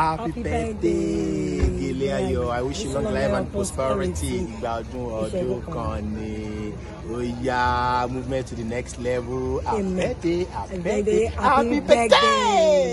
happy, birthday gèlè ayọ̀ i wish you long life and prosperity ìgbà ọdún ọdún kan ni ó yá movement to the next level happy birthday happy birthday happy birthday.